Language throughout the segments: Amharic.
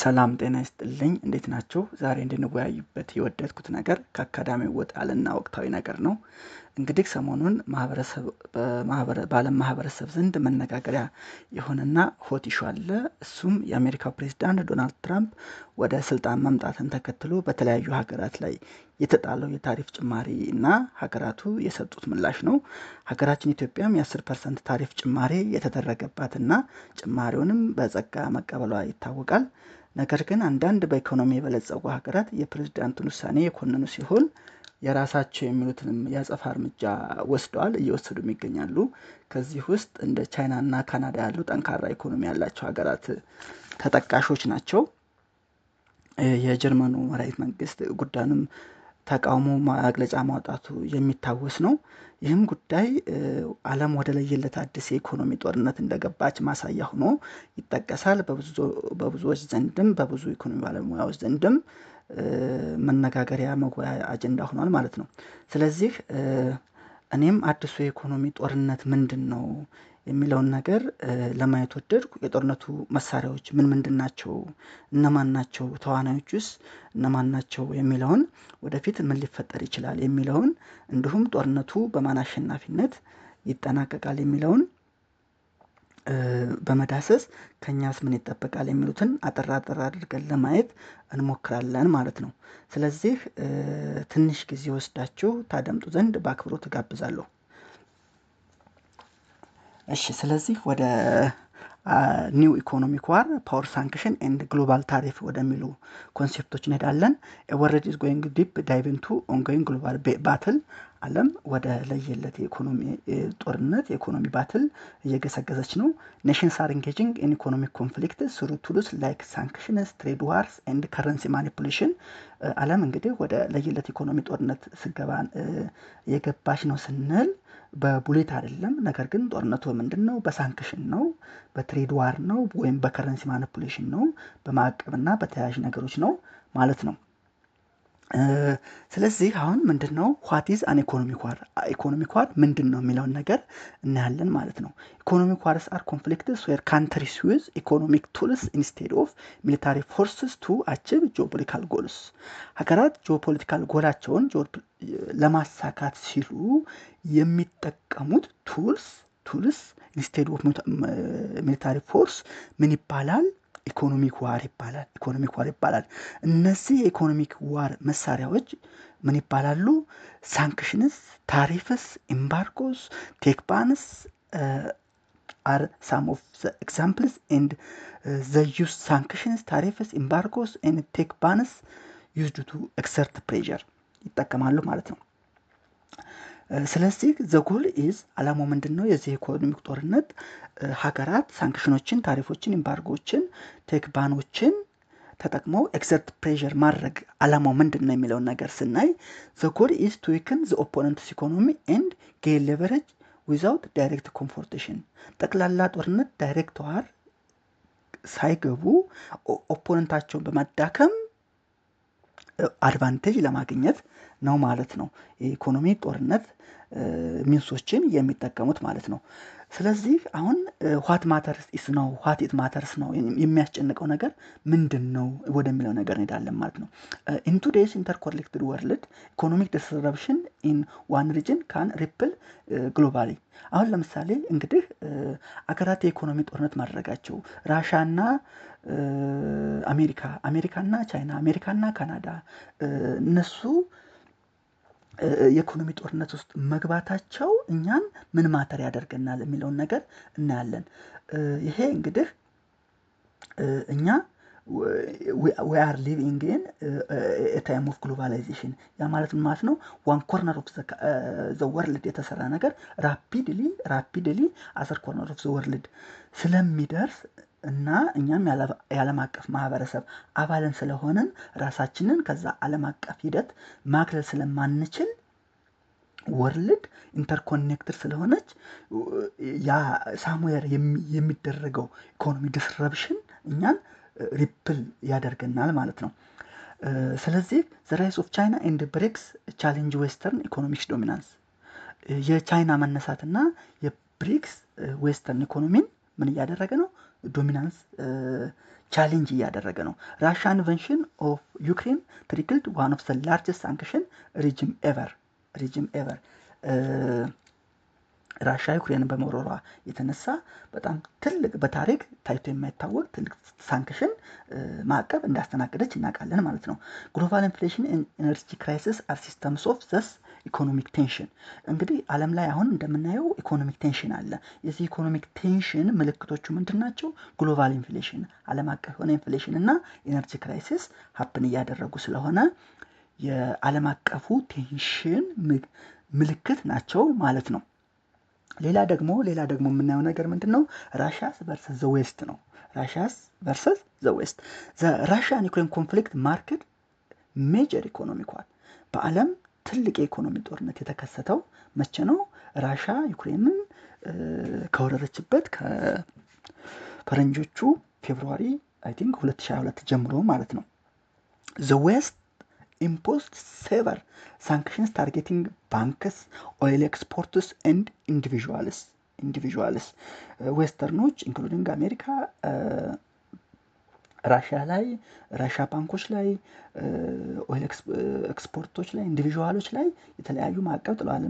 ሰላም ጤና ይስጥልኝ እንዴት ናችሁ? ዛሬ እንድንወያይበት የወደድኩት ነገር ከአካዳሚው ወጣ ያለና ወቅታዊ ነገር ነው። እንግዲህ ሰሞኑን ማህበረሰብ በዓለም ማህበረሰብ ዘንድ መነጋገሪያ የሆነና ሆት ኢሹ አለ። እሱም የአሜሪካው ፕሬዝዳንት ዶናልድ ትራምፕ ወደ ስልጣን መምጣትን ተከትሎ በተለያዩ ሀገራት ላይ የተጣለው የታሪፍ ጭማሪ እና ሀገራቱ የሰጡት ምላሽ ነው። ሀገራችን ኢትዮጵያም የ10 ፐርሰንት ታሪፍ ጭማሪ የተደረገባትና ጭማሪውንም በጸጋ መቀበሏ ይታወቃል። ነገር ግን አንዳንድ በኢኮኖሚ የበለጸጉ ሀገራት የፕሬዝዳንቱን ውሳኔ የኮነኑ ሲሆን የራሳቸው የሚሉትንም የአጸፋ እርምጃ ወስደዋል፣ እየወሰዱም ይገኛሉ። ከዚህ ውስጥ እንደ ቻይና እና ካናዳ ያሉ ጠንካራ ኢኮኖሚ ያላቸው ሀገራት ተጠቃሾች ናቸው። የጀርመኑ መራዊት መንግስት ጉዳዩንም ተቃውሞ መግለጫ ማውጣቱ የሚታወስ ነው። ይህም ጉዳይ አለም ወደ ለየለት አዲስ የኢኮኖሚ ጦርነት እንደገባች ማሳያ ሆኖ ይጠቀሳል። በብዙዎች ዘንድም በብዙ ኢኮኖሚ ባለሙያዎች ዘንድም መነጋገሪያ መወያያ አጀንዳ ሆኗል ማለት ነው። ስለዚህ እኔም አዲሱ የኢኮኖሚ ጦርነት ምንድን ነው የሚለውን ነገር ለማየት ወደድኩ የጦርነቱ መሳሪያዎች ምን ምንድን ናቸው? እነማን ናቸው ተዋናዮቹስ እነማን ናቸው? የሚለውን ወደፊት ምን ሊፈጠር ይችላል የሚለውን እንዲሁም ጦርነቱ በማን አሸናፊነት ይጠናቀቃል የሚለውን በመዳሰስ ከእኛስ ምን ይጠበቃል የሚሉትን አጠራ አጠር አድርገን ለማየት እንሞክራለን ማለት ነው። ስለዚህ ትንሽ ጊዜ ወስዳችሁ ታደምጡ ዘንድ በአክብሮ ትጋብዛለሁ። እሺ ስለዚህ ወደ ኒው ኢኮኖሚክ ዋር ፓወር ሳንክሽን ኤንድ ግሎባል ታሪፍ ወደሚሉ ኮንሴፕቶች እንሄዳለን። ወርልድ ኢዝ ጎይንግ ዲፕ ዳይቭ ኢንቱ ኦንጎይንግ ግሎባል ባትል ዓለም ወደ ለየለት የኢኮኖሚ ጦርነት የኢኮኖሚ ባትል እየገሰገሰች ነው። ኔሽንስ አር ኢንጌጂንግ ኢን ኢኮኖሚክ ኮንፍሊክት ስሩ ቱሉስ ላይክ ሳንክሽንስ ትሬድ ዋርስ ኤንድ ከረንሲ ማኒፑሌሽን። ዓለም እንግዲህ ወደ ለየለት ኢኮኖሚ ጦርነት ስገባ የገባች ነው ስንል በቡሌት አይደለም። ነገር ግን ጦርነቱ ምንድን ነው? በሳንክሽን ነው፣ በትሬድ ዋር ነው፣ ወይም በከረንሲ ማኒፑሌሽን ነው፣ በማዕቀብና በተያያዥ ነገሮች ነው ማለት ነው። ስለዚህ አሁን ምንድነው ነው ኢዝ አን ኢኮኖሚ ኳር ኢኮኖሚ ኳር ምንድን ነው የሚለውን ነገር እናያለን ማለት ነው። ኢኮኖሚ ኳርስ አር ኮንፍሊክትስ ዌር ካንትሪስ ዩዝ ኢኮኖሚክ ቱልስ ኢንስቴድ ኦፍ ሚሊታሪ ፎርስስ ቱ አችብ ጂኦፖለቲካል ጎልስ ሀገራት ጂኦፖለቲካል ጎላቸውን ለማሳካት ሲሉ የሚጠቀሙት ቱልስ ቱልስ ኢንስቴድ ኦፍ ሚሊታሪ ፎርስ ምን ይባላል ኢኮኖሚክ ዋር ይባላል። ኢኮኖሚክ ዋር ይባላል። እነዚህ የኢኮኖሚክ ዋር መሳሪያዎች ምን ይባላሉ? ሳንክሽንስ፣ ታሪፍስ፣ ኤምባርጎስ፣ ቴክባንስ አር ሳም ኦፍ ኤግዛምፕልስ ኤንድ ዘ ዩስ ሳንክሽንስ፣ ታሪፍስ፣ ኤምባርጎስ ኤንድ ቴክባንስ ዩዝድ ቱ ኤክሰርት ፕሬር ይጠቀማሉ ማለት ነው። ስለዚህ ዘጎል ኢዝ አላማው ምንድን ነው? የዚህ ኢኮኖሚክ ጦርነት ሀገራት ሳንክሽኖችን፣ ታሪፎችን፣ ኢምባርጎችን፣ ቴክባኖችን ተጠቅመው ኤግዘርት ፕሬር ማድረግ አላማው ምንድን ነው የሚለውን ነገር ስናይ ዘጎል ኢዝ ቱ ዊክን ዘ ኦፖነንትስ ኢኮኖሚ ኤንድ ጌን ሌቨሬጅ ዊዛውት ዳይሬክት ኮንፎርቴሽን ጠቅላላ ጦርነት ዳይሬክት ዋር ሳይገቡ ኦፖነንታቸውን በማዳከም አድቫንቴጅ ለማግኘት ነው ማለት ነው። የኢኮኖሚ ጦርነት ሚንሶችን የሚጠቀሙት ማለት ነው። ስለዚህ አሁን ዋት ማተርስ ኢስ ነው ዋት ኢት ማተርስ ነው የሚያስጨንቀው ነገር ምንድን ነው ወደሚለው ነገር እንሄዳለን ማለት ነው። ኢን ቱዴይስ ኢንተርኮኔክትድ ወርልድ ኢኮኖሚክ ዲስረፕሽን ኢን ዋን ሪጅን ካን ሪፕል ግሎባሊ። አሁን ለምሳሌ እንግዲህ አገራት የኢኮኖሚ ጦርነት ማድረጋቸው ራሻና አሜሪካ አሜሪካና ቻይና አሜሪካና ካናዳ እነሱ የኢኮኖሚ ጦርነት ውስጥ መግባታቸው እኛን ምን ማተር ያደርገናል የሚለውን ነገር እናያለን። ይሄ እንግዲህ እኛ ዊአር ሊቪንግ ኢን ታይም ኦፍ ግሎባላይዜሽን ያ ማለት ማለት ነው? ዋን ኮርነር ኦፍ ዘ ወርልድ የተሰራ ነገር ራፒድሊ ራፒድሊ አዘር ኮርነር ኦፍ ዘ ወርልድ ስለሚደርስ እና እኛም የዓለም አቀፍ ማህበረሰብ አባልን ስለሆንን ራሳችንን ከዛ ዓለም አቀፍ ሂደት ማክለል ስለማንችል ወርልድ ኢንተርኮኔክትድ ስለሆነች ያ ሳሙዌር የሚደረገው ኢኮኖሚ ዲስረፕሽን እኛን ሪፕል ያደርገናል ማለት ነው። ስለዚህ ዘ ኦፍ ቻይና ኤንድ ብሪክስ ቻሌንጅ ዌስተርን ኢኮኖሚክስ ዶሚናንስ የቻይና መነሳትና የብሪክስ ዌስተርን ኢኮኖሚን ምን እያደረገ ነው? ዶሚናንስ ቻሌንጅ እያደረገ ነው። ራሽያ ኢንቨንሽን ኦፍ ዩክሬን ትሪክልድ ዋን ኦፍ ዘ ላርጀስት ሳንክሽን ሪጅም ኤቨር ሪጅም ኤቨር ራሽያ ዩክሬንን በመውረሯ የተነሳ በጣም ትልቅ በታሪክ ታይቶ የማይታወቅ ትልቅ ሳንክሽን ማዕቀብ እንዳስተናገደች እናውቃለን ማለት ነው። ግሎባል ኢንፍሌሽን ኤነርጂ ክራይሲስ አር ሲስተምስ ኦፍ ዘስ ኢኮኖሚክ ቴንሽን እንግዲህ አለም ላይ አሁን እንደምናየው ኢኮኖሚክ ቴንሽን አለ። የዚህ ኢኮኖሚክ ቴንሽን ምልክቶቹ ምንድን ናቸው? ግሎባል ኢንፍሌሽን አለም አቀፍ የሆነ ኢንፍሌሽን እና ኢነርጂ ክራይሲስ ሀፕን እያደረጉ ስለሆነ የአለም አቀፉ ቴንሽን ምልክት ናቸው ማለት ነው። ሌላ ደግሞ ሌላ ደግሞ የምናየው ነገር ምንድን ነው? ራሽያስ ቨርሰስ ዘ ዌስት ነው። ራሽያስ ቨርሰስ ዘ ዌስት ዘ ራሽያን ዩክሬን ኮንፍሊክት ማርኬት ሜጀር ኳል በአለም ትልቅ የኢኮኖሚ ጦርነት የተከሰተው መቼ ነው? ራሻ ዩክሬንን ከወረረችበት ከፈረንጆቹ ፌብርዋሪ አይ ቲንክ 2022 ጀምሮ ማለት ነው። ዘ ዌስት ኢምፖስት ሴቨር ሳንክሽንስ ታርጌቲንግ ባንክስ ኦይል ኤክስፖርትስ ኤንድ ኢንዲቪዥዋልስ ኢንዲቪዥዋልስ ዌስተርኖች ኢንክሉዲንግ አሜሪካ ራሽያ ላይ ራሽያ ባንኮች ላይ ኦይል ኤክስፖርቶች ላይ ኢንዲቪዥዋሎች ላይ የተለያዩ ማዕቀብ ጥለዋል።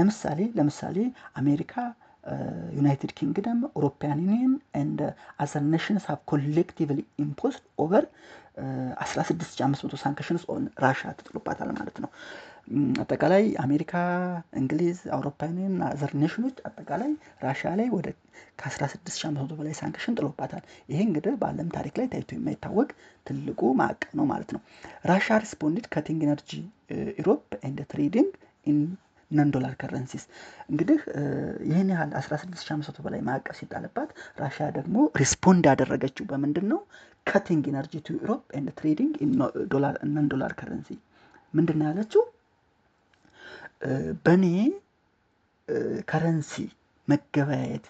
ለምሳሌ ለምሳሌ አሜሪካ ዩናይትድ ኪንግደም ኦሮፒያን ዩኒየን እንደ አዘር ኔሽንስ ሀብ ኮሌክቲቭ ኢምፖስት ኦቨር 16500 ሳንክሽንስ ኦን ራሽያ ተጥሎባታል ማለት ነው። አጠቃላይ አሜሪካ እንግሊዝ አውሮፓውያንን አዘር ኔሽኖች አጠቃላይ ራሽያ ላይ ወደ ከ16500 በላይ ሳንክሽን ጥሎባታል። ይሄ እንግዲህ በአለም ታሪክ ላይ ታይቶ የማይታወቅ ትልቁ ማዕቀብ ነው ማለት ነው። ራሽያ ሪስፖንዲድ ከቲንግ ኤነርጂ ኢሮፕ ኤንድ ትሬዲንግ ኢን ነን ዶላር ከረንሲስ እንግዲህ uh, ይህን ያህል 16500 በላይ ማዕቀብ ሲጣልባት ራሽያ ደግሞ ሪስፖንድ ያደረገችው በምንድን ነው? ከቲንግ ኤነርጂ ቱ ኢሮፕ ኤንድ ትሬዲንግ ነን ዶላር ከረንሲ ምንድን ነው ያለችው? በእኔ ከረንሲ መገበያየት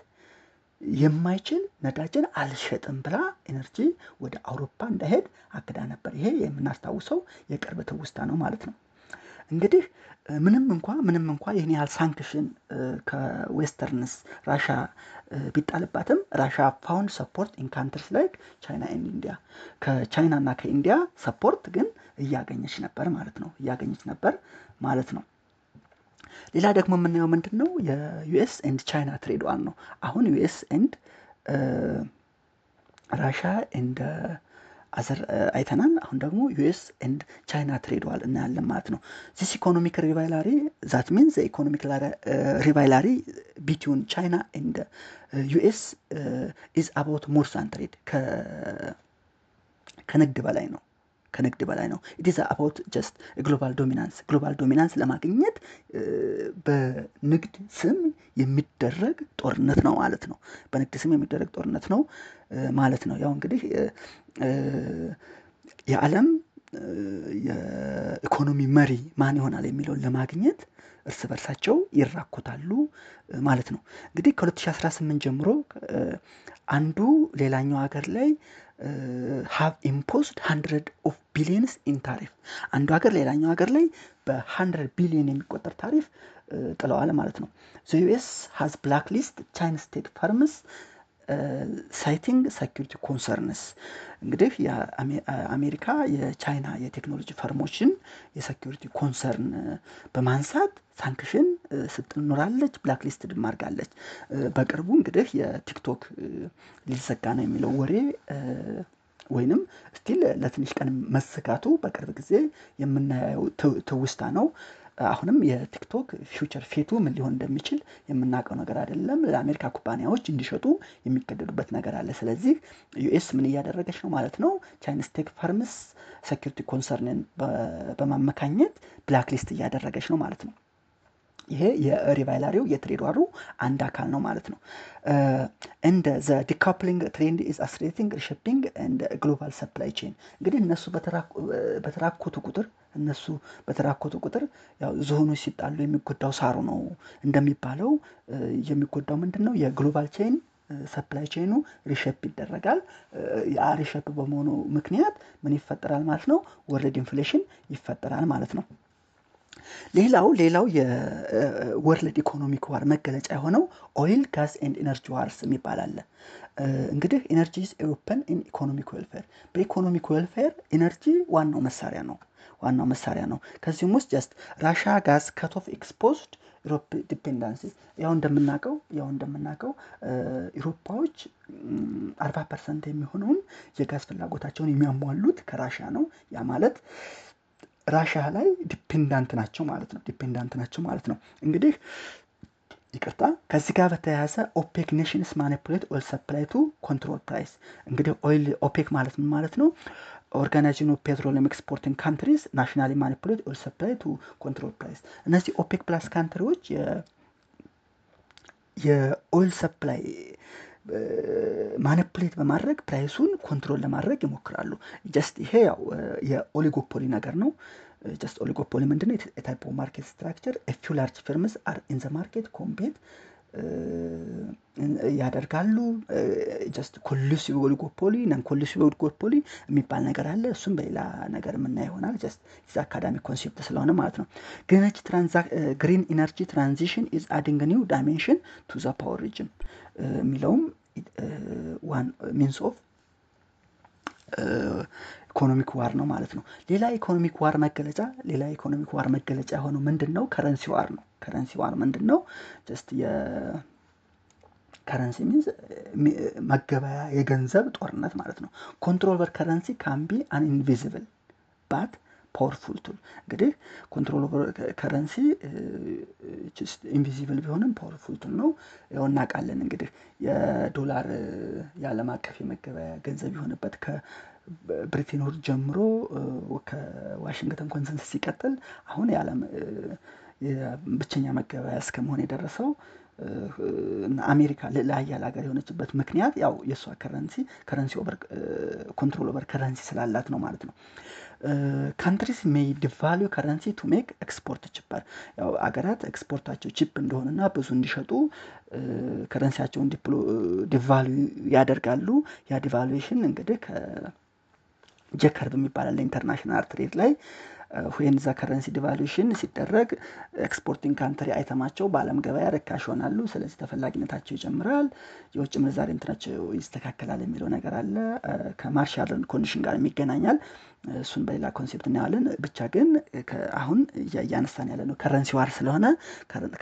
የማይችል ነዳጅን አልሸጥም ብላ ኢነርጂ ወደ አውሮፓ እንዳይሄድ አክዳ ነበር። ይሄ የምናስታውሰው የቅርብ ትውስታ ነው ማለት ነው። እንግዲህ ምንም እንኳ ምንም እንኳ ይህን ያህል ሳንክሽን ከዌስተርንስ ራሻ ቢጣልባትም ራሻ ፋውንድ ሰፖርት ኢንካንትርስ ላይክ ቻይና ኤንድ ኢንዲያ ከቻይና እና ከኢንዲያ ሰፖርት ግን እያገኘች ነበር ማለት ነው እያገኘች ነበር ማለት ነው። ሌላ ደግሞ የምናየው ምንድን ነው የዩኤስ ኤንድ ቻይና ትሬድ ዋር ነው። አሁን ዩኤስ ኤንድ ራሻ ኤንድ አዘር አይተናል። አሁን ደግሞ ዩኤስ ኤንድ ቻይና ትሬድ ዋር እናያለን ማለት ነው። ዚስ ኢኮኖሚክ ሪቫይላሪ ዛት ሚንስ ኢኮኖሚክ ሪቫይላሪ ቢትዊን ቻይና ኤንድ ዩኤስ ኢዝ አባውት ሞርሳን ትሬድ ከንግድ በላይ ነው ከንግድ በላይ ነው። ኢትስ አባውት ጀስት ግሎባል ዶሚናንስ። ግሎባል ዶሚናንስ ለማግኘት በንግድ ስም የሚደረግ ጦርነት ነው ማለት ነው። በንግድ ስም የሚደረግ ጦርነት ነው ማለት ነው። ያው እንግዲህ የዓለም የኢኮኖሚ መሪ ማን ይሆናል የሚለውን ለማግኘት እርስ በርሳቸው ይራኮታሉ ማለት ነው። እንግዲህ ከ2018 ጀምሮ አንዱ ሌላኛው ሀገር ላይ ሃቭ ኢምፖዝድ ሀንድረድ ኦፍ ቢሊየንስ ኢን ታሪፍ አንዱ ሀገር ሌላኛው ሀገር ላይ በሀንድረድ ቢሊየን የሚቆጠር ታሪፍ uh, ጥለዋል ማለት ነው። ዩኤስ ሀዝ ብላክ ሊስት ቻይን ስቴት ፈርምስ ሳይቲንግ ሰኪሪቲ ኮንሰርንስ እንግዲህ የአሜሪካ የቻይና የቴክኖሎጂ ፈርሞችን የሰኪሪቲ ኮንሰርን በማንሳት ሳንክሽን ስትኖራለች ብላክሊስት ድማርጋለች በቅርቡ እንግዲህ የቲክቶክ ሊዘጋ ነው የሚለው ወሬ ወይንም ስቲል ለትንሽ ቀን መስጋቱ በቅርብ ጊዜ የምናየው ትውስታ ነው። አሁንም የቲክቶክ ፊውቸር ፌቱ ምን ሊሆን እንደሚችል የምናውቀው ነገር አይደለም። ለአሜሪካ ኩባንያዎች እንዲሸጡ የሚገደዱበት ነገር አለ። ስለዚህ ዩኤስ ምን እያደረገች ነው ማለት ነው? ቻይንስ ቴክ ፈርምስ ሴኪሪቲ ኮንሰርንን በማመካኘት ብላክሊስት እያደረገች ነው ማለት ነው። ይሄ የሪቫይላሪው ዋሩ አንድ አካል ነው ማለት ነው። እንደ ዘ ዲካፕሊንግ ትሬንድ ኢዝ አስሬቲንግ ሪሽፕቲንግ እንደ ግሎባል ሰፕላይ ቼን እንግዲህ እነሱ በተራኮቱ ቁጥር እነሱ በተራኮቱ ቁጥር ያው ዝሆኖች ሲጣሉ የሚጎዳው ሳሩ ነው እንደሚባለው የሚጎዳው ምንድን ነው? የግሎባል ቼን ሰፕላይ ቼኑ ሪሸፕ ይደረጋል። ያ ሪሸፕ በመሆኑ ምክንያት ምን ይፈጠራል ማለት ነው? ወርልድ ኢንፍሌሽን ይፈጠራል ማለት ነው። ሌላው ሌላው የወርልድ ኢኮኖሚክ ዋር መገለጫ የሆነው ኦይል ጋዝ ኤንድ ኢነርጂ ዋርስ የሚባል አለ። እንግዲህ ኢነርጂስ ኤሮፐን ኢን ኢኮኖሚክ ዌልፌር በኢኮኖሚክ ዌልፌር ኢነርጂ ዋናው መሳሪያ ነው ዋናው መሳሪያ ነው። ከዚህም ውስጥ ጀስት ራሻ ጋዝ ከቶፍ ኦፍ ኤክስፖዝድ ኢሮፕ ዲፔንዳንሲ ያው እንደምናውቀው ያው እንደምናውቀው ኢሮፓዎች አርባ ፐርሰንት የሚሆነውን የጋዝ ፍላጎታቸውን የሚያሟሉት ከራሻ ነው። ያ ማለት ራሻ ላይ ዲፔንዳንት ናቸው ማለት ነው። ዲፔንዳንት ናቸው ማለት ነው። እንግዲህ ይቅርታ ከዚህ ጋር በተያያዘ ኦፔክ ኔሽንስ ማኒፕሌት ኦይል ሰፕላይ ቱ ኮንትሮል ፕራይስ። እንግዲህ ኦይል ኦፔክ ማለት ምን ማለት ነው? ኦርጋናይዜሽን ኦፍ ፔትሮሊየም ኤክስፖርቲንግ ካንትሪስ ናሽናሊ ማኒፕሌት ኦይል ሰፕላይ ቱ ኮንትሮል ፕራይስ። እነዚህ ኦፔክ ፕላስ ካንትሪዎች የኦይል ሰፕላይ ማኒፕሌት በማድረግ ፕራይሱን ኮንትሮል ለማድረግ ይሞክራሉ። ጀስት ይሄ ያው የኦሊጎፖሊ ነገር ነው። ጀስት ኦሊጎፖሊ ምንድነው? የታይፕ ኦፍ ማርኬት ስትራክቸር ፊው ላርጅ ፊርምስ አር ኢን ዘ ማርኬት ኮምፔት ያደርጋሉ። ጀስት ኮሉሲቭ ኦሊጎፖሊ ነን ኮሉሲቭ ኦሊጎፖሊ የሚባል ነገር አለ። እሱም በሌላ ነገር የምና ይሆናል። ጀስት ኢዝ አካዳሚክ ኮንሴፕት ስለሆነ ማለት ነው። ግሪን ኢነርጂ ትራንዚሽን ኢዝ አዲንግ ኒው ዳይሜንሽን ቱ ዘ ፓወር ሪጅን የሚለውም ዋን ሚንስ ኦፍ ኢኮኖሚክ ዋር ነው ማለት ነው። ሌላ ኢኮኖሚክ ዋር መገለጫ ሌላ ኢኮኖሚክ ዋር መገለጫ የሆነው ምንድን ነው? ከረንሲ ዋር ነው። ከረንሲ ዋር ምንድን ነው? ጀስት ከረንሲ ሚንስ መገበያ የገንዘብ ጦርነት ማለት ነው። ኮንትሮል በር ከረንሲ ካምቢ ቢ አን ኢንቪዚብል ባት ፓወርፉል ቱል እንግዲህ ኮንትሮል ኦቨር ከረንሲ ኢንቪዚብል ቢሆንም ፓወርፉል ቱል ነው። ያው እናውቃለን እንግዲህ የዶላር የአለም አቀፍ የመገበያ ገንዘብ የሆነበት ከብሪቴን ጀምሮ ከዋሽንግተን ኮንሰንስ ሲቀጥል አሁን የዓለም ብቸኛ መገበያ እስከመሆን የደረሰው አሜሪካ ለአያል ሀገር የሆነችበት ምክንያት ያው የእሷ ከረንሲ ከረንሲ ኦቨር ኮንትሮል ኦቨር ከረንሲ ስላላት ነው ማለት ነው። ካንትሪስ ሜድ ቫሉ ከረንሲ ቱ ሜክ ኤክስፖርት ችፐር። ያው አገራት ኤክስፖርታቸው ቺፕ እንደሆነና ብዙ እንዲሸጡ ከረንሲያቸውን ዲቫሉ ያደርጋሉ። ያ ዲቫሉዌሽን እንግዲህ ከጀከርብ የሚባላለ ኢንተርናሽናል ትሬድ ላይ ሁን ዛ ከረንሲ ዲቫሉሽን ሲደረግ ኤክስፖርቲንግ ካንትሪ አይተማቸው በአለም ገበያ ርካሽ ይሆናሉ። ስለዚህ ተፈላጊነታቸው ይጨምራል፣ የውጭ ምንዛሬ እንትናቸው ይስተካከላል የሚለው ነገር አለ። ከማርሻል ኮንዲሽን ጋር ይገናኛል። እሱን በሌላ ኮንሴፕት እናየዋለን። ብቻ ግን አሁን እያነሳን ያለ ነው ከረንሲ ዋር ስለሆነ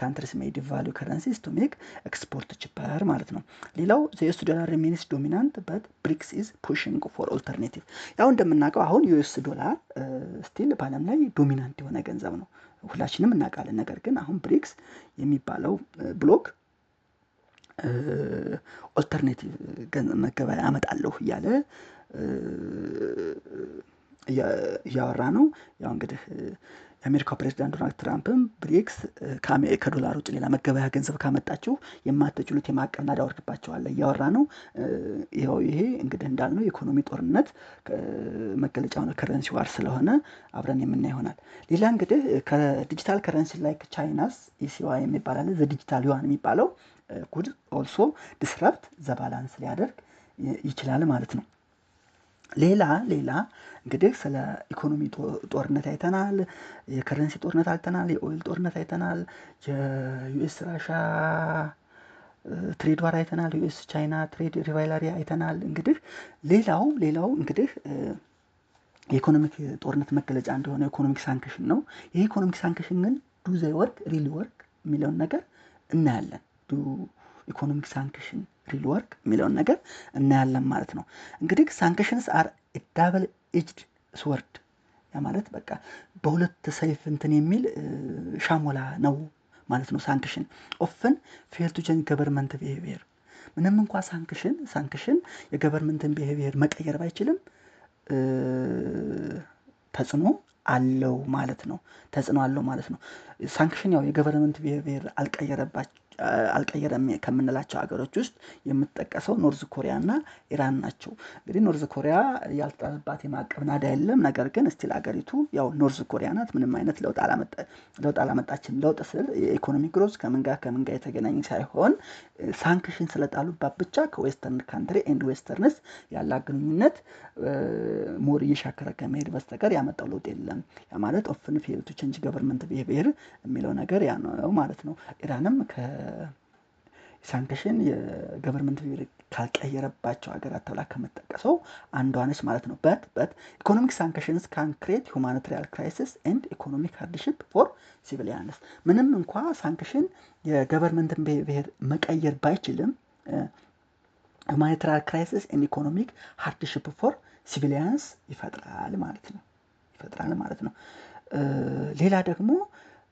ካንትሪስ ሜድ ቫሉ ከረንሲ ቱ ሜክ ኤክስፖርት ችበር ማለት ነው። ሌላው ዩስ ዶላር ሚኒስ ዶሚናንት በት ብሪክስ ኢዝ ፑሽንግ ፎር ኦልተርኔቲቭ። ያው እንደምናውቀው አሁን ዩስ ዶላር ስቲል በአለም ላይ ዶሚናንት የሆነ ገንዘብ ነው፣ ሁላችንም እናውቃለን። ነገር ግን አሁን ብሪክስ የሚባለው ብሎክ ኦልተርኔቲቭ መገበያ አመጣለሁ እያለ እያወራ ነው። ያው እንግዲህ የአሜሪካው ፕሬዚዳንት ዶናልድ ትራምፕም ብሪክስ ከዶላር ውጭ ሌላ መገበያ ገንዘብ ካመጣችሁ የማትችሉት የማዕቀብ ናዳ አወርድባችኋለሁ እያወራ ነው። ይኸው ይሄ እንግዲህ እንዳልነው የኢኮኖሚ ጦርነት መገለጫ ሆነ ከረንሲ ዋር ስለሆነ አብረን የምና ይሆናል። ሌላ እንግዲህ ከዲጂታል ከረንሲ ላይ ቻይናስ ኢሲዋ የሚባላለ አለ ዲጂታል ዩዋን የሚባለው ጉድ ኦልሶ ዲስረፕት ዘባላንስ ሊያደርግ ይችላል ማለት ነው። ሌላ ሌላ እንግዲህ ስለ ኢኮኖሚ ጦርነት አይተናል። የከረንሲ ጦርነት አይተናል። የኦይል ጦርነት አይተናል። የዩኤስ ራሻ ትሬድ ዋር አይተናል። ዩኤስ ቻይና ትሬድ ሪቫይላሪ አይተናል። እንግዲህ ሌላው ሌላው እንግዲህ የኢኮኖሚክ ጦርነት መገለጫ እንደሆነ ኢኮኖሚክ ሳንክሽን ነው። ይህ ኢኮኖሚክ ሳንክሽን ግን ዱ ወርክ ሪሊ ወርክ የሚለውን ነገር እናያለን። ዱ ኢኮኖሚክ ሳንክሽን ሪል ወርክ የሚለውን ነገር እናያለን ማለት ነው። እንግዲህ ሳንክሽንስ አር ዳብል ኤጅድ ስወርድ ያ ማለት በቃ በሁለት ሰይፍ እንትን የሚል ሻሞላ ነው ማለት ነው። ሳንክሽን ኦፍን ፌል ቱ ቼንጅ ገቨርንመንት ቢሄቪየር ምንም እንኳ ሳንክሽን ሳንክሽን የገቨርንመንትን ቢሄቪየር መቀየር ባይችልም ተጽዕኖ አለው ማለት ነው። ተጽዕኖ አለው ማለት ነው። ሳንክሽን ያው የገቨርንመንት ቢሄቪየር አልቀየረባቸው አልቀየረም ከምንላቸው ሀገሮች ውስጥ የምትጠቀሰው ኖርዝ ኮሪያ እና ኢራን ናቸው። እንግዲህ ኖርዝ ኮሪያ ያልጣለባት የማዕቀብ ናዳ የለም። ነገር ግን እስቲል ሀገሪቱ ያው ኖርዝ ኮሪያ ናት። ምንም አይነት ለውጥ አላመጣችም። ለውጥ ስል የኢኮኖሚ ግሮዝ ከምን ጋር ከምን ጋር ሳይሆን ሳንክሽን ስለጣሉባት ብቻ ከዌስተርን ካንትሪ ኤንድ ዌስተርንስ ያላ ግንኙነት ሞር እየሻከረ ከመሄድ በስተቀር ያመጣው ለውጥ የለም። ያ ማለት ኦፍን ፌል ቱ ቼንጅ ገቨርንመንት ብሄር የሚለው ነገር ያ ነው ማለት ነው። ኢራንም ከ ሳንክሽን የገቨርንመንት ካልቀየረባቸው ሀገራት ተብላ ከምጠቀሰው አንዷ ነች ማለት ነው። በት በት ኢኮኖሚክ ሳንክሽንስ ካንክሬት ክሬት ሁማኒታሪያን ክራይሲስ ኤንድ ኢኮኖሚክ ሃርድሺፕ ፎር ሲቪሊያንስ። ምንም እንኳ ሳንክሽን የገቨርንመንትን ብሄር መቀየር ባይችልም ሁማኒታሪያን ክራይሲስ ኤንድ ኢኮኖሚክ ሃርድሺፕ ፎር ሲቪሊያንስ ይፈጥራል ማለት ነው ይፈጥራል ማለት ነው። ሌላ ደግሞ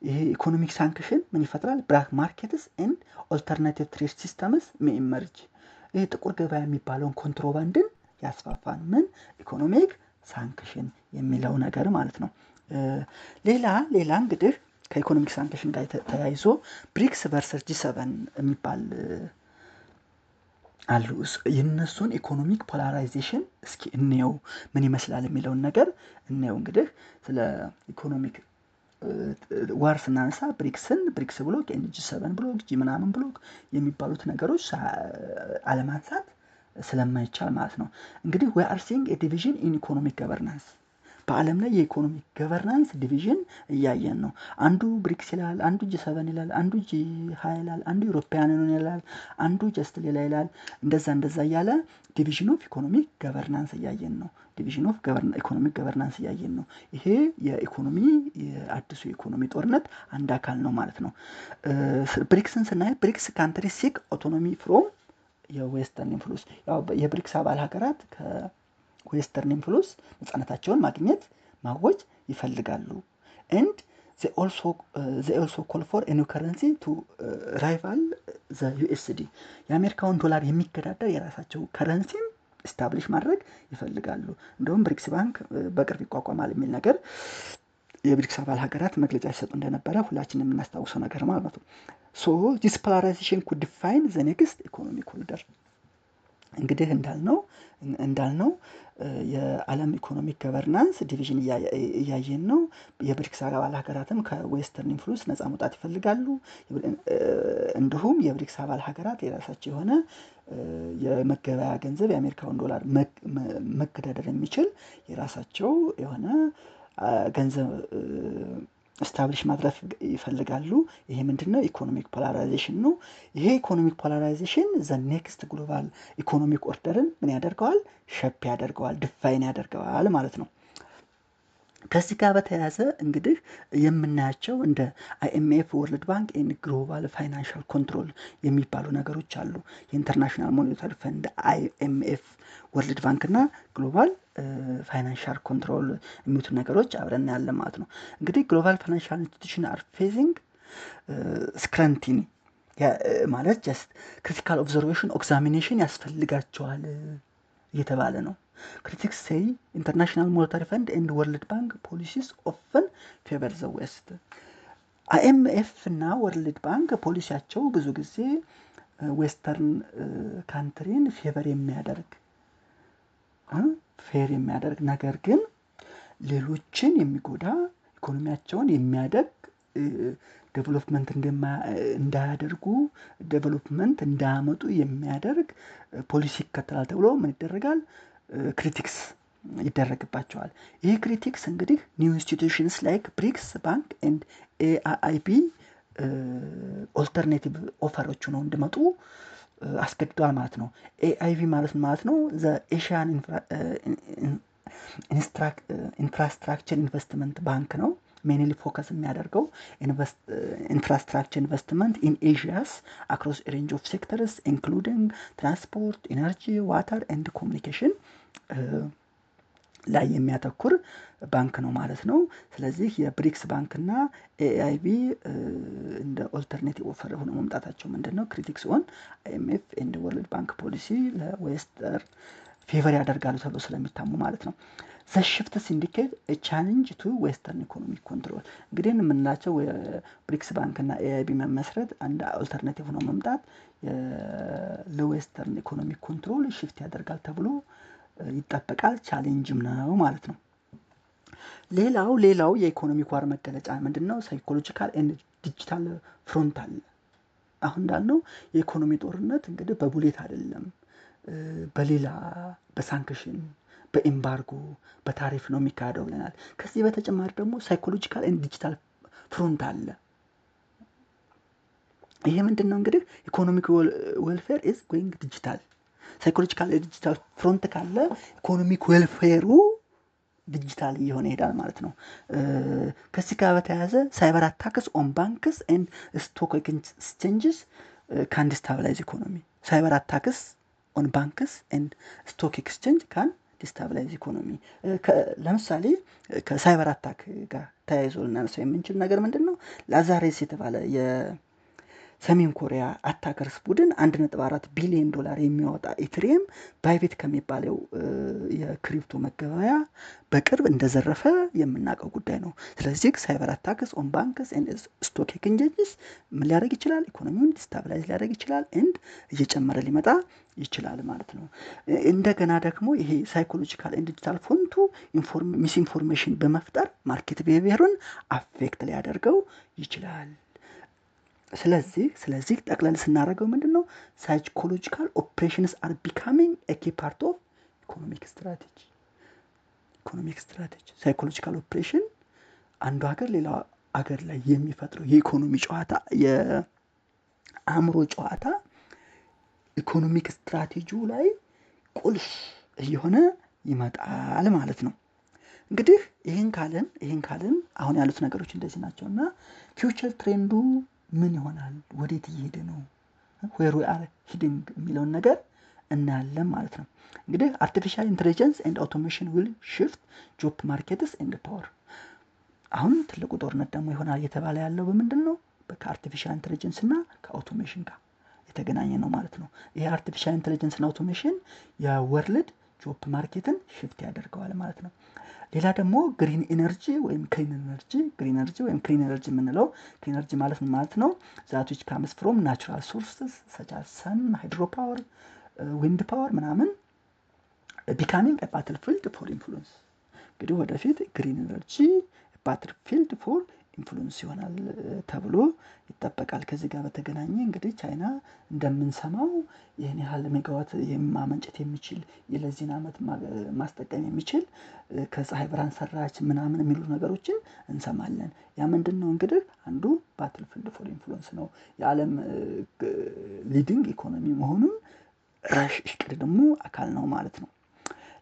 ይሄ ኢኮኖሚክ ሳንክሽን ምን ይፈጥራል? ብላክ ማርኬትስ ኤንድ ኦልተርናቲቭ ትሬድ ሲስተምስ ሜኢመርጅ ይሄ ጥቁር ገበያ የሚባለውን ኮንትሮባንድን ያስፋፋል። ምን ኢኮኖሚክ ሳንክሽን የሚለው ነገር ማለት ነው። ሌላ ሌላ እንግዲህ ከኢኮኖሚክ ሳንክሽን ጋር ተያይዞ ብሪክስ ቨርሰስ ጂ ሰቨን የሚባል አሉ። የነሱን ኢኮኖሚክ ፖላራይዜሽን እስኪ እንየው ምን ይመስላል የሚለውን ነገር እንየው። እንግዲህ ስለ ኢኮኖሚክ ዋር ስናነሳ ብሪክስን ብሪክስ ብሎክ ኤንጂ ሰበን ብሎክ ጂ ምናምን ብሎክ የሚባሉት ነገሮች አለማንሳት ስለማይቻል ማለት ነው። እንግዲህ ዊ አር ሲንግ ዲቪዥን ኢን ኢኮኖሚክ ገቨርናንስ በዓለም ላይ የኢኮኖሚ ገቨርናንስ ዲቪዥን እያየን ነው። አንዱ ብሪክስ ይላል፣ አንዱ ጂ ሰቨን ይላል፣ አንዱ ጂ ሀያ ይላል፣ አንዱ ዩሮፒያንን ይላል፣ አንዱ ጀስት ሌላ ይላል። እንደዛ እንደዛ እያለ ዲቪዥን ኦፍ ኢኮኖሚ ገቨርናንስ እያየን ነው። ዲቪዥን ኦፍ ኢኮኖሚ ገቨርናንስ እያየን ነው። ይሄ የኢኮኖሚ የአዲሱ የኢኮኖሚ ጦርነት አንድ አካል ነው ማለት ነው። ብሪክስን ስናይ ብሪክስ ካንትሪ ሲክ ኦቶኖሚ ፍሮም የዌስተርን ኢንፍሉስ የብሪክስ አባል ሀገራት ዌስተርን ኢንፍሉስ ነፃነታቸውን ማግኘት ማወጅ ይፈልጋሉ ኤንድ ዘኦልሶ ኮል ፎር ኒው ከረንሲ ቱ ራይቫል ዘ ዩኤስዲ የአሜሪካውን ዶላር የሚገዳደር የራሳቸው ከረንሲም ስታብሊሽ ማድረግ ይፈልጋሉ እንደውም ብሪክስ ባንክ በቅርብ ይቋቋማል የሚል ነገር የብሪክስ አባል ሀገራት መግለጫ ሲሰጡ እንደነበረ ሁላችን የምናስታውሰው ነገር ማለት ነው ሶ ዚስ ፖላራይዜሽን ኩድ ዲፋይን ዘ ኔክስት ኢኮኖሚ ኮሪደር እንግዲህ እንዳልነው እንዳልነው የዓለም ኢኮኖሚክ ገቨርናንስ ዲቪዥን እያየን ነው። የብሪክስ አባል ሀገራትም ከዌስተርን ኢንፍሉንስ ነፃ መውጣት ይፈልጋሉ። እንዲሁም የብሪክስ አባል ሀገራት የራሳቸው የሆነ የመገበያ ገንዘብ የአሜሪካውን ዶላር መገዳደር የሚችል የራሳቸው የሆነ ገንዘብ ስታብሊሽ ማድረፍ ይፈልጋሉ። ይሄ ምንድነው? ኢኮኖሚክ ፖላራይዜሽን ነው። ይሄ ኢኮኖሚክ ፖላራይዜሽን ዘ ኔክስት ግሎባል ኢኮኖሚክ ኦርደርን ምን ያደርገዋል? ሸፕ ያደርገዋል፣ ድፋይን ያደርገዋል ማለት ነው። ከዚህ ጋር በተያያዘ እንግዲህ የምናያቸው እንደ አይኤምኤፍ፣ ወርልድ ባንክ ኤን ግሎባል ፋይናንሻል ኮንትሮል የሚባሉ ነገሮች አሉ። የኢንተርናሽናል ሞኔታሪ ፈንድ፣ አይኤምኤፍ፣ ወርልድ ባንክ እና ግሎባል ፋይናንሻል ኮንትሮል የሚሉት ነገሮች አብረን ያለ ማለት ነው። እንግዲህ ግሎባል ፋይናንሻል ኢንስቲቱሽን አር ፌዚንግ ስክረንቲኒ ማለት ጀስት ክሪቲካል ኦብዘርቬሽን ኦግዛሚኔሽን ያስፈልጋቸዋል እየተባለ ነው። Critics say International Monetary Fund and ወርልድ ባንክ ፖሊሲስ ኦፈን ፌቨር ዘ ዌስት። አይኤምኤፍ እና ወርልድ ባንክ ፖሊሲያቸው ብዙ ጊዜ ዌስተርን ካንትሪን ፌቨር የሚያደርግ ፌር የሚያደርግ ነገር ግን ሌሎችን የሚጎዳ ኢኮኖሚያቸውን የሚያደግ ዴቨሎፕመንት uh, እንዳያደርጉ ዴቨሎፕመንት እንዳያመጡ የሚያደርግ ፖሊሲ uh, ይከተላል ተብሎ ምን ይደረጋል? ክሪቲክስ ይደረግባቸዋል። ይህ ክሪቲክስ እንግዲህ ኒው ኢንስቲቱሽንስ ላይክ ብሪክስ ባንክ ኤንድ ኤአይቢ ኦልተርኔቲቭ ኦፈሮች ነው እንዲመጡ አስገድዷል ማለት ነው። ኤአይቪ ማለት ማለት ነው ዘ ኤሽያን ኢንፍራስትራክቸር ኢንቨስትመንት ባንክ ነው። ሜንሊ ፎከስ የሚያደርገው ኢንፍራስትራክቸር ኢንቨስትመንት ኢን ኤዥያስ አክሮስ ሬንጅ ኦፍ ሴክተርስ ኢንክሉዲንግ ትራንስፖርት፣ ኢነርጂ፣ ዋተር ኤንድ ኮሚኒኬሽን ላይ የሚያተኩር ባንክ ነው ማለት ነው። ስለዚህ የብሪክስ ባንክ ና ኤአይቢ uh, እንደ ኦልተርኔቲቭ ኦፈር ሆነ መምጣታቸው ምንድን ነው ክሪቲክ ሲሆን አይኤምኤፍ ኤንድ ወርልድ ባንክ ፖሊሲ ለዌስተር ፌቨር ያደርጋሉ ተብሎ ስለሚታሙ ማለት ነው። ዘ ሽፍት ሲንዲኬት ቻሌንጅ ቱ ዌስተርን ኢኮኖሚክ ኮንትሮል እንግዲህ የምንላቸው የብሪክስ ባንክ እና ኤአይቢ መመስረት አንድ አልተርናቲቭ ነው መምጣት ለዌስተርን ኢኮኖሚክ ኮንትሮል ሽፍት ያደርጋል ተብሎ ይጠበቃል። ቻሌንጅም ነው ማለት ነው። ሌላው ሌላው የኢኮኖሚ ኳር መገለጫ ምንድን ነው? ሳይኮሎጂካል ን ዲጂታል ፍሮንት አለ። አሁን እንዳልነው የኢኮኖሚ ጦርነት እንግዲህ በቡሌት አይደለም፣ በሌላ በሳንክሽን በኤምባርጎ በታሪፍ ነው የሚካሄደው ብለናል። ከዚህ በተጨማሪ ደግሞ ሳይኮሎጂካል ን ዲጂታል ፍሮንት አለ። ይሄ ምንድን ነው እንግዲህ ኢኮኖሚክ ዌልፌር ኢዝ ጎይንግ ዲጂታል ሳይኮሎጂካል ዲጂታል ፍሮንት ካለ ኢኮኖሚክ ዌልፌሩ ዲጂታል እየሆነ ይሄዳል ማለት ነው። ከዚህ ጋር በተያያዘ ሳይበር አታክስ ኦን ባንክስ ን ስቶክ ኤክስቼንጅስ ካን ስታብላይዝ ኢኮኖሚ ሳይበር አታክስ ኦን ባንክስ ን ስቶክ ኤክስቼንጅ ካን ዲስታብላይዝ ኢኮኖሚ ለምሳሌ ከሳይበር አታክ ጋር ተያይዞ ልናነሳው የምንችል ነገር ምንድን ነው? ላዛሬስ የተባለ ሰሜን ኮሪያ አታከርስ ቡድን 1.4 ቢሊዮን ዶላር የሚያወጣ ኢትሪየም ባይቤት ከሚባለው የክሪፕቶ መገበያ በቅርብ እንደዘረፈ የምናውቀው ጉዳይ ነው። ስለዚህ ሳይበር አታክስ ኦን ባንክስ ስቶክ ኤክስቼንጅስ ምን ሊያደርግ ይችላል? ኢኮኖሚውን ዲስታብላይዝ ሊያደርግ ይችላል። እንድ እየጨመረ ሊመጣ ይችላል ማለት ነው። እንደገና ደግሞ ይሄ ሳይኮሎጂካል ኤንድ ዲጂታል ፎንቱ ሚስኢንፎርሜሽን በመፍጠር ማርኬት ቢሄቪየሩን አፌክት ሊያደርገው ይችላል። ስለዚህ ስለዚህ ጠቅለል ስናደርገው ምንድን ነው ሳይኮሎጂካል ኦፕሬሽንስ አር ቢካሚንግ ኤኬ ፓርት ኦፍ ኢኮኖሚክ ስትራቴጂ ኢኮኖሚክ ስትራቴጂ ሳይኮሎጂካል ኦፕሬሽን አንዱ ሀገር ሌላው አገር ላይ የሚፈጥረው የኢኮኖሚ ጨዋታ የአእምሮ ጨዋታ ኢኮኖሚክ ስትራቴጂው ላይ ቁልፍ እየሆነ ይመጣል ማለት ነው። እንግዲህ ይህን ካልን ይህን ካልን አሁን ያሉት ነገሮች እንደዚህ ናቸው እና ፊውቸር ትሬንዱ ምን ይሆናል፣ ወዴት እየሄደ ነው፣ ዌር አር የሚለውን ነገር እናያለን ማለት ነው። እንግዲህ አርቲፊሻል ኢንቴሊጀንስ ኤንድ አውቶሜሽን ዊል ሽፍት ጆፕ ማርኬትስ ኤንድ ፓወር። አሁን ትልቁ ጦርነት ደግሞ ይሆናል እየተባለ ያለው በምንድን ነው? ከአርቲፊሻል ኢንቴሊጀንስ እና ከአውቶሜሽን ጋር የተገናኘ ነው ማለት ነው። ይሄ አርቲፊሻል ኢንቴሊጀንስ ና አውቶሜሽን የወርልድ ጆፕ ማርኬትን ሽፍት ያደርገዋል ማለት ነው። ሌላ ደግሞ ግሪን ኢነርጂ ወይም ክሊን ኢነርጂ ግሪን ኢነርጂ ወይም ክሊን ኢነርጂ የምንለው ክሊን ኢነርጂ ማለት ምን ማለት ነው? ዛቶች ዊች ካምስ ፍሮም ናቹራል ሶርስስ ሰች ሰን፣ ሃይድሮ ፓወር፣ ዊንድ ፓወር ምናምን ቢካሚንግ ባትል ፊልድ ፎር ኢንፍሉንስ እንግዲህ ወደፊት ግሪን ኢነርጂ ባትል ፊልድ ፎር ኢንፍሉንስ ይሆናል ተብሎ ይጠበቃል። ከዚህ ጋር በተገናኘ እንግዲህ ቻይና እንደምንሰማው ይህን ያህል ሜጋዋት ማመንጨት የሚችል የለዚህን ዓመት ማስጠቀም የሚችል ከፀሐይ ብርሃን ሰራች ምናምን የሚሉ ነገሮችን እንሰማለን። ያ ምንድን ነው እንግዲህ አንዱ ባትል ፊልድ ፎር ኢንፍሉንስ ነው። የዓለም ሊዲንግ ኢኮኖሚ መሆኑን ራሽ እቅድ ደግሞ አካል ነው ማለት ነው።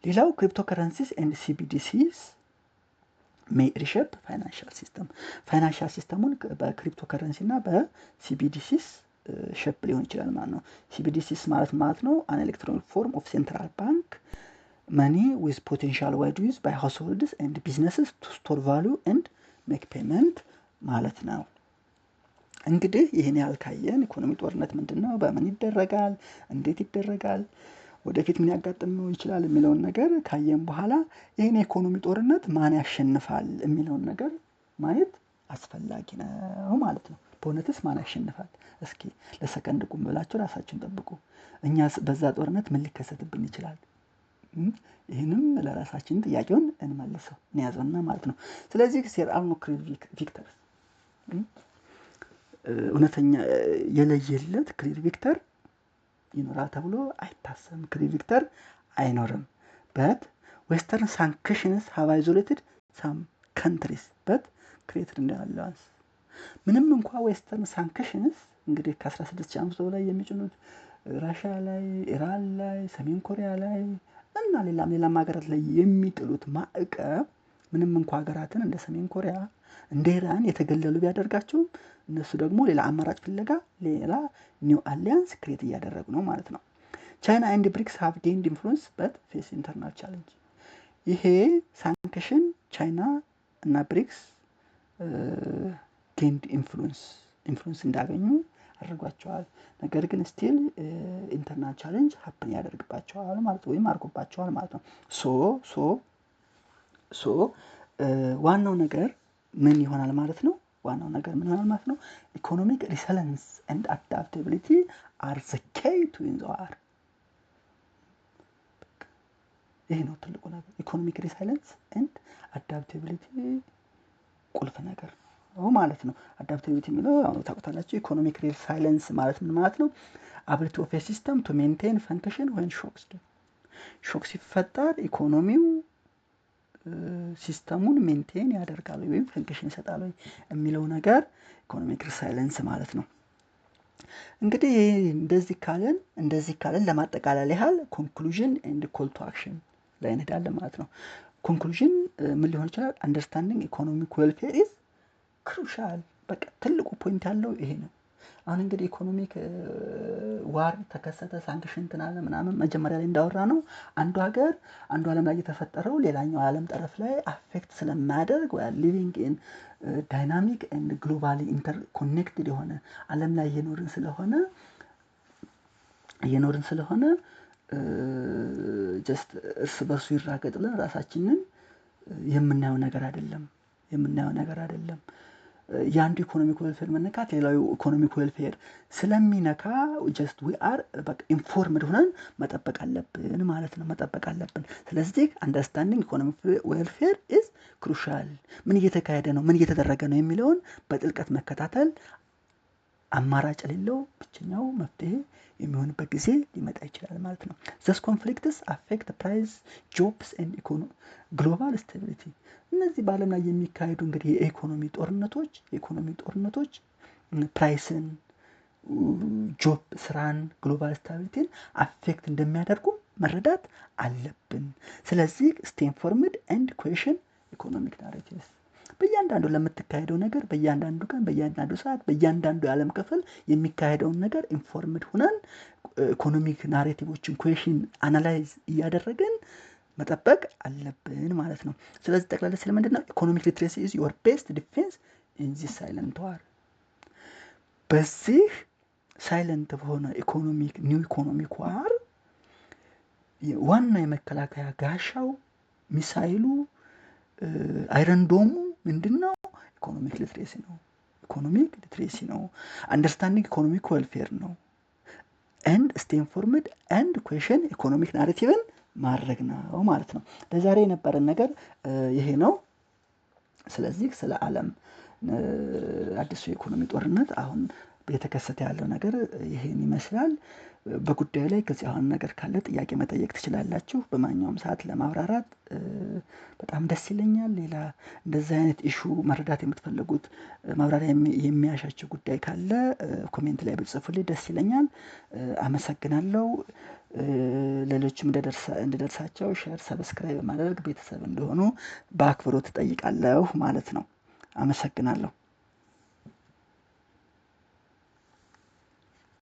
ሌላው ክሪፕቶ ከረንሲስ ኤንድ ሲቢዲሲስ ሪሸፕ ፋይናንሻል ሲስተም ፋይናንሻል ሲስተሙን በክሪፕቶ ከረንሲ እና በሲቢዲሲስ ሸፕ ሊሆን ይችላል ማለት ነው። ሲቢዲሲስ ማለት ማለት ነው አን ኤሌክትሮኒክ ፎርም ኦፍ ሴንትራል ባንክ መኒ ዊዝ ፖቴንሻል ዋይድ ዩዝ ባይ ሃውስሆልድስ ኤንድ ቢዝነስስ ቱ ስቶር ቫሉ ኤንድ ሜክ ፔመንት ማለት ነው። እንግዲህ ይህን ያልካየን ኢኮኖሚ ጦርነት ምንድን ነው? በምን ይደረጋል? እንዴት ይደረጋል? ወደፊት ምን ያጋጥመው ይችላል የሚለውን ነገር ካየን በኋላ ይህን የኢኮኖሚ ጦርነት ማን ያሸንፋል የሚለውን ነገር ማየት አስፈላጊ ነው ማለት ነው። በእውነትስ ማን ያሸንፋል? እስኪ ለሰከንድ ቁም ብላችሁ ራሳችሁን ጠብቁ። እኛ በዛ ጦርነት ምን ሊከሰትብን ይችላል? ይህንም ለራሳችን ጥያቄውን እንመልሰው እንያዘውና ማለት ነው። ስለዚህ ሴር አርኖ ቪክተር እውነተኛ የለየለት ክሊር ቪክተር ይኖራል ተብሎ አይታሰብም። ቪክተር አይኖርም። በት ዌስተርን ሳንክሽንስ ሃቭ አይዞሌትድ ሳም ካንትሪስ በት ክሬትድ እንዳለዋንስ ምንም እንኳ ዌስተርን ሳንክሽንስ እንግዲህ ከ16500 ላይ የሚጭኑት ራሽያ ላይ፣ ኢራን ላይ፣ ሰሜን ኮሪያ ላይ እና ሌላም ሌላም ሀገራት ላይ የሚጥሉት ማዕቀብ ምንም እንኳ ሀገራትን እንደ ሰሜን ኮሪያ እንደ ኢራን የተገለሉ ቢያደርጋቸውም እነሱ ደግሞ ሌላ አማራጭ ፍለጋ ሌላ ኒው አሊያንስ ክሬት እያደረጉ ነው ማለት ነው። ቻይና ኤንድ ብሪክስ ሀብ ጌንድ ኢንፍሉንስ በት ፌስ ኢንተርናል ቻለንጅ። ይሄ ሳንክሽን ቻይና እና ብሪክስ ጌንድ ኢንፍሉንስ ኢንፍሉንስ እንዳገኙ አድርጓቸዋል። ነገር ግን ስቲል ኢንተርናል ቻለንጅ ሀፕን ያደርግባቸዋል ማለት ወይም አርጎባቸዋል ማለት ነው ሶ ሶ ሶ ዋናው ነገር ምን ይሆናል ማለት ነው? ዋናው ነገር ምን ይሆናል ማለት ነው? ኢኮኖሚክ ሪሰለንስ ንድ አዳፕታቢሊቲ አር ዘ ቱ ዊን ይሄ ነው ትልቁ ነገር። ኢኮኖሚክ ሪሳይለንስ ኤንድ አዳፕቲቢሊቲ ቁልፍ ነገር ነው ማለት ነው። አዳፕቲቢሊቲ የሚለው አሁን ታውቁታላችሁ። ኢኮኖሚክ ሪሳይለንስ ማለት ምን ማለት ነው? አብሊቲ ኦፍ ሲስተም ቱ ሜንቴን ፈንክሽን ወይን ሾክስ ሾክ ሲፈጠር ኢኮኖሚው ሲስተሙን ሜንቴን ያደርጋል ወይም ፈንክሽን ይሰጣል ወይ የሚለው ነገር ኢኮኖሚክ ሳይለንስ ማለት ነው። እንግዲህ እንደዚህ ካለን እንደዚህ ካለን ለማጠቃለል ያህል ኮንክሉዥን ንድ ኮል ቱ አክሽን ላይ እንሄዳለን ማለት ነው። ኮንክሉዥን ምን ሊሆን ይችላል? አንደርስታንዲንግ ኢኮኖሚክ ዌልፌር ኢዝ ክሩሻል። በቃ ትልቁ ፖይንት ያለው ይሄ ነው። አሁን እንግዲህ ኢኮኖሚክ ዋር ተከሰተ ሳንክሽን ትናለ ምናምን መጀመሪያ ላይ እንዳወራ ነው አንዱ ሀገር አንዱ ዓለም ላይ የተፈጠረው ሌላኛው ዓለም ጠረፍ ላይ አፌክት ስለማያደርግ ሊቪንግ ኢን ዳይናሚክ ኤንድ ግሎባሊ ኢንተርኮኔክትድ የሆነ ዓለም ላይ እየኖርን ስለሆነ እየኖርን ስለሆነ ጀስት እርስ በርሱ ይራገጥ ብለን ራሳችንን የምናየው ነገር አይደለም የምናየው ነገር አይደለም። የአንዱ ኢኮኖሚ ኮልፌር መነካት ሌላው ኢኮኖሚ ኮልፌር ስለሚነካ ጀስት ዊ አር ኢንፎርምድ ሆነን መጠበቅ አለብን ማለት ነው። መጠበቅ አለብን። ስለዚህ አንደርስታንዲንግ ኢኮኖሚ ዌልፌር ኢዝ ክሩሻል ምን እየተካሄደ ነው ምን እየተደረገ ነው የሚለውን በጥልቀት መከታተል አማራጭ የሌለው ብቸኛው መፍትሄ የሚሆንበት ጊዜ ሊመጣ ይችላል ማለት ነው። ዘስ ኮንፍሊክትስ አፌክት ፕራይስ ጆብስ ኤንድ ኢኮኖሚ ግሎባል ስታቢሊቲ። እነዚህ በዓለም ላይ የሚካሄዱ እንግዲህ የኢኮኖሚ ጦርነቶች የኢኮኖሚ ጦርነቶች ፕራይስን፣ ጆብ ስራን፣ ግሎባል ስታቢሊቲን አፌክት እንደሚያደርጉ መረዳት አለብን። ስለዚህ ስቴ ኢንፎርምድ ኤንድ ኩዌሽን ኢኮኖሚክ ናሬቲቭስ በእያንዳንዱ ለምትካሄደው ነገር በእያንዳንዱ ቀን በእያንዳንዱ ሰዓት በእያንዳንዱ የዓለም ክፍል የሚካሄደውን ነገር ኢንፎርምድ ሁነን ኢኮኖሚክ ናሬቲቮችን ኩዌሽን አናላይዝ እያደረግን መጠበቅ አለብን ማለት ነው። ስለዚህ ጠቅላላ ስለ ምንድ ነው ኢኮኖሚክ ሊትሬሲ ኢዝ ዮር ቤስት ዲፌንስ እንዚ ሳይለንት ዋር። በዚህ ሳይለንት በሆነ ኢኮኖሚክ ኒው ኢኮኖሚክ ዋር ዋና የመከላከያ ጋሻው ሚሳይሉ አይረንዶሙ ምንድነው? ኢኮኖሚክ ሊትሬሲ ነው። ኢኮኖሚክ ሊትሬሲ ነው። አንደርስታንዲንግ ኢኮኖሚክ ዌልፌር ነው። ኤንድ ስቴ ኢንፎርምድ ኤንድ ኩዌሽን ኢኮኖሚክ ናሬቲቭን ማድረግ ነው ማለት ነው። ለዛሬ የነበረን ነገር ይሄ ነው። ስለዚህ ስለ ዓለም አዲሱ የኢኮኖሚ ጦርነት አሁን የተከሰተ ያለው ነገር ይሄን ይመስላል። በጉዳዩ ላይ ግልጽ ያልሆነ ነገር ካለ ጥያቄ መጠየቅ ትችላላችሁ። በማንኛውም ሰዓት ለማብራራት በጣም ደስ ይለኛል። ሌላ እንደዚህ አይነት ኢሹ መረዳት የምትፈልጉት ማብራሪያ የሚያሻቸው ጉዳይ ካለ ኮሜንት ላይ ብጽፉልኝ ደስ ይለኛል። አመሰግናለሁ። ሌሎችም እንድደርሳቸው ሼር፣ ሰብስክራይብ ማድረግ ቤተሰብ እንደሆኑ በአክብሮት እጠይቃለሁ ማለት ነው። አመሰግናለሁ።